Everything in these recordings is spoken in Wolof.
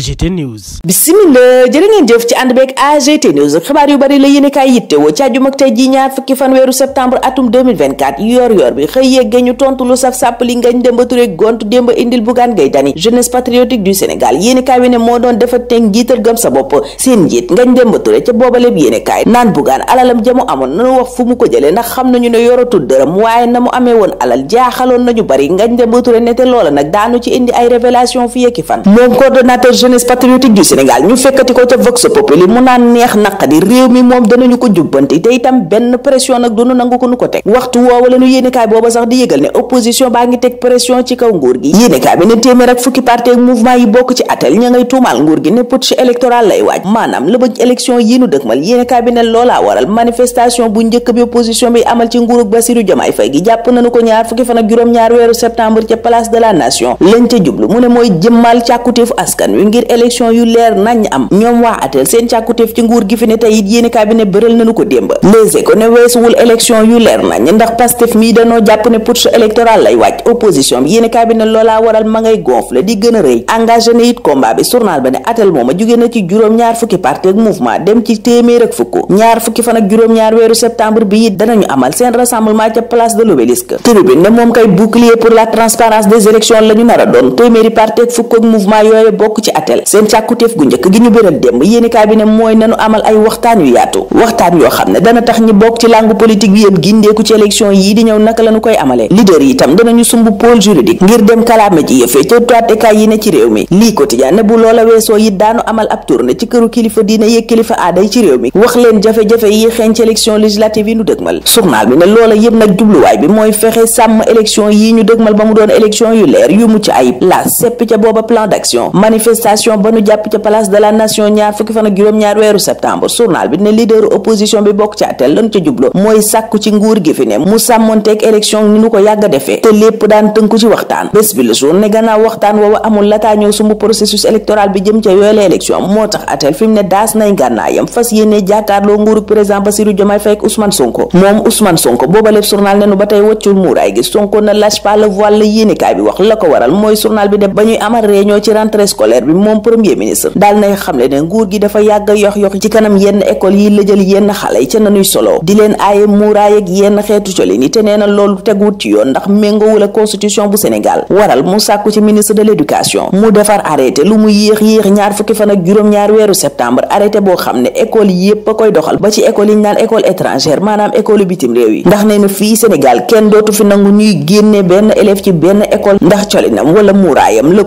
AGT News. bisimila jërë ngeen jëf ci ànd beeg AGT News xibaar yu bari la yéen a kaay yittewoo ci àjjuma ak tey ji ñaar fukki fan weeru septembre atum 2024 yor yor bi xëy yeggee ñu tontu lu saf sàpp li ngañ Demba gontu Demba indil Bougane Gueye Dany jeunesse patriotique du Sénégal yéen a ne moo doon dafa teg njiital gëm sa bopp seen njiit ngañ Demba Touré ca boobaleb yéen a kaay naan Bougane alalam jamu amoon nanu wax fu mu ko jëlee ndax xam nañu ne yoratul dërëm jeunesse patriotique du ne opposition nguur gi ne téeméer ci électoral lay waaj maanaam la bëgg yi nu dëkkmal yéenekaay bi ne loolaa waral manifestation bu njëkk bi opposition bi amal ci nguurug Bassirou Diomaye Faye gi jàpp nañu ko ñaar fukki fan ak juróom-ñaar weeru septembre ca place de la nation lañ ca jublu mu ne mooy jëmmal càkkuteefu askan wi ngir élection yu leer nañ am ñoom waa atel seen càkkutéef ci nguur gi fi ne tey it yéeni cabinet bëral nañu ko démb Les Échos ne weesuwul élection yu leer nañ ndax Pastef mii danoo waral ma ngay gonfle di gën a rëy engagé na it combat bi journal ba ne atel mooma jugee na ci juróom ñaar fukki parti ak mouvement dem ci téeméer ak fukk ñaar fukki fan ak juróom-ñaar weeru septembre bi it danañu amal seen rassemblement ca place de l'Obélisque tribune ne atel seen càkkutéef gu njëkk gi ñu béral démb yéenekaay bi ne mooy nanu amal ay waxtaan yu yaatu waxtaan yoo xam ne dana tax ñi bokk ci langue politique bi yëpp gindeeku ci élection yii di ñëw naka lañu koy amale leader yi itam danañu sumb pôle juridique ngir dem kalaame ji yëfee ca toitekaay yi ne ci réew mi lii quotidien ne bu loola weesoo yi daanu amal ab tournée ci këru kilifa diine yeeg kilifa aaday ci réew mi wax leen jafe-jafe yi xeeñ ci élection ba mu doon élection yu manifestation ba nu jàpp ca place de la nation ñaar fukki fan ak juróom-ñaar weeru septembre journal bi ne leader opposition bi bokk ci atel lan ca jublo mooy sàkku ci nguur gi fi ne mu sàmmonteeg élection ni nu ko yàgg defee te lépp daan tënku ci waxtaan bés bi le jour ne gannaaw waxtaan woowa amul lataa ñëw sumb processus électoral bi jëm ca yooyla élection moo tax atel fi ne daas nay ngànnaayam fas yéene jaataarloo nguuru président Bassirou Diomaye Faye ak moom premier ministre daal nay xamle ne nguur gi dafa yàgg a yox yox ci kanam yenn école yi lëjal yenn xale yi ca nanuy solo di leen aaye muuraay ak yenn xeetu colin yi te nee na loolu teguwut ci yoon ndax méngoowul ak constitution bu Sénégal waral mu sàkku ci ministre de l'éducation mu defar arrêté lu mu yéex yéex ñaar fukki fan ak juróom-ñaar weeru septembre arrêté boo xam ne école yépp a koy doxal ba ci école yi ñu naan école étrangère maanaam école bitim réew yi ndax nee na fii Sénégal kenn dootu fi nangu ñuy génne benn élève ci benn école ndax colinam wala muuraayam le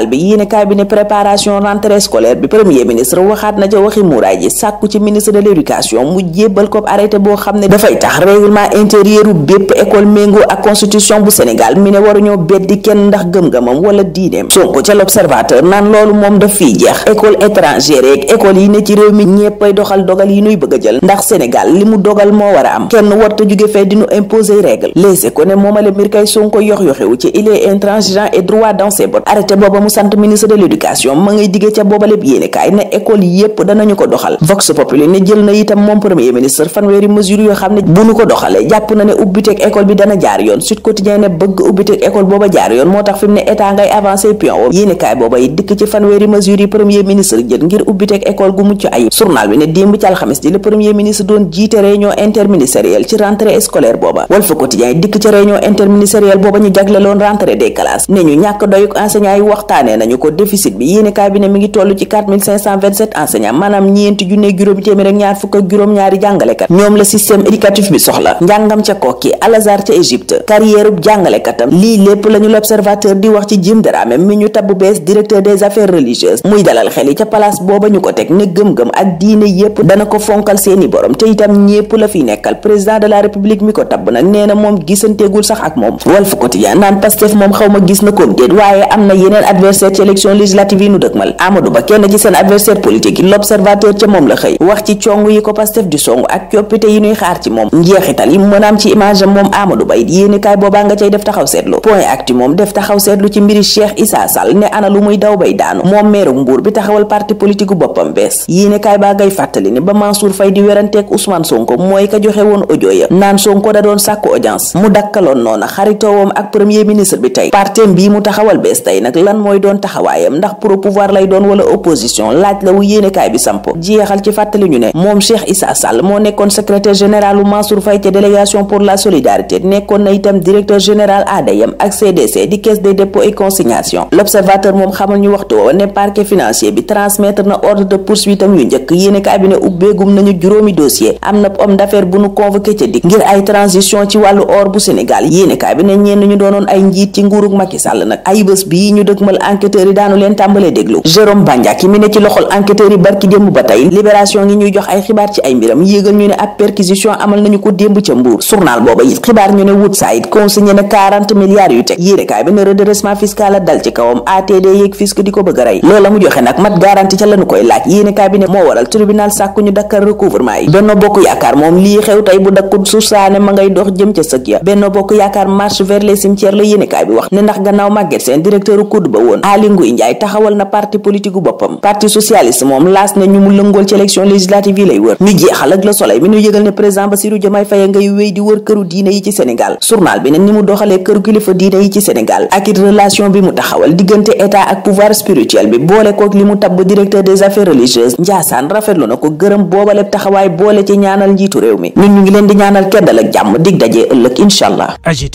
étoile bi yéene kaay bi ne préparation rentrée scolaire bi premier ministre waxaat na ca waxi muuraay ji sàkku ci ministre de l'éducation mu jébbal ko arrêté boo xam ne dafay tax règlement intérieur u bépp école méngoo ak constitution bu Sénégal mi ne waruñoo beddi kenn ndax gëm-gëmam wala diineem Sonko ca l'observateur naan loolu moom daf fiy jeex école étrangère yeeg école yi ne ci réew mi ñeppay doxal dogal yi nuy bëgg a jël ndax Sénégal li mu dogal moo a mu sant ministre de l'éducation ma ngay diggee ca boobaleb yéenekaay ne école yépp danañu ko doxal vox ne jël na itam moom premier ministre fanweeri mesure yoo xam ne bu nu ko doxalee jàpp na ne ubbiteeg école booba jaar yoon moo tax fi ne état ngay avancé pion wam yéenekaay booba yi dikk ci fanweeri mesure yi premier ministre jël ngir ubbiteeg école gu mucc ayib journal bi ne démb ci alxamis premier ministre doon jiite réunion interministérielle ci rentrée waxtaanee nañu ko déficit bi yéene kaay bi ngi toll ci 4527 enseignants ñeenti junne juróomi téeméer ak ñaar fukk juróom-ñaari jàngalekat ñoom la système éducatif bi soxla njàngam ca kokki alazar ca égypte carrière jàngalekatam lii lépp lañu l'observateur di wax ci Jim Dramé mi ñu tabbu bees directeur des affaires religieuses muy dalal xel yi ca place booba ñu ko teg ne gëm-gëm ak diine yépp dana ko fonkal seeni borom te itam ñépp la fi nekkal président adversaire ci élection législative yi nu dëkmal Amadou Ba kenn ci seen adversaire politique l'observateur ca moom la xëy wax ci cong yi ko Pastef di song ak coppite yi ñuy xaar ci moom njeexital yi mën a ci image moom Amadou Ba it yéenekaay boobaa nga cay def taxaw seetlu point actu moom def taxaw seetlu ci mbiri Cheikh Issa Sall ne ana lu muy daw bay daanu moom meeru Mbuur bi taxawal parti politique boppam bees yéenekaay baa ngay fàttali ne ba Mansour Faye di weranteeg Ousmane Sonko mooy ka mooy doon taxawaayam ndax pro pouvoir lay doon wala opposition laaj la wu yéenekaay bi samp jeexal ci fàttali ñu ne moom Cheikh Issa Sall moo nekkoon secrétaire général u Mansour Faye ca délégation pour la solidarité nekkoon na itam directeur général ADM ak CDC di caisse des dépôts et consignations l'observateur moom xamal ñu waxtu woo ne parquet financier bi transmettre na ordre de poursuite yu njëkk yéenekaay bi ne ubbeegum nañu juróomi dossier am na homme d'affaires bu nu convoqué loxol enquêteurs yi daanu leen tàmbalee déglu Jérôme Bandiaki mi ne ci loxol enquêteurs yi barki démb ba tey libération ngi ñuy jox ay xibaar ci ay mbiram yéegal ñu ne ab perquisition amal nañu ko démb ca Mbour journal booba it xibaar ñu ne Woodside consigné na 40 yu teg yéenekaay bi ne redressement fiscal la dal ci kawam ATD yeeg fisc di ko bëgg a rey loola mu joxe nag mat garanti ca lañu koy laaj yéenekaay bi ne moo waral tribunal sàkku ñu dakkal recouvrement woon Aly Ngouille Ndiaye taxawal na parti politique gu boppam parti socialiste moom laas ne ñu mu lëngool ci élection législative yi lay wër mi jeexal ak Le Soleil mi ñu yëgal ne président Bassirou Diomaye Faye ngay wéy di wër këru diine yi ci Sénégal journal bi ne ni mu doxalee këru kilifa diine yi ci Sénégal ak it relation bi mu taxawal diggante état ak pouvoir spirituel bi boole kook li mu tabb directeur des affaires religieuses Njaasaan rafetlu na ko gërëm boobaleb taxawaay di ñaanal keddal ak jàmm dig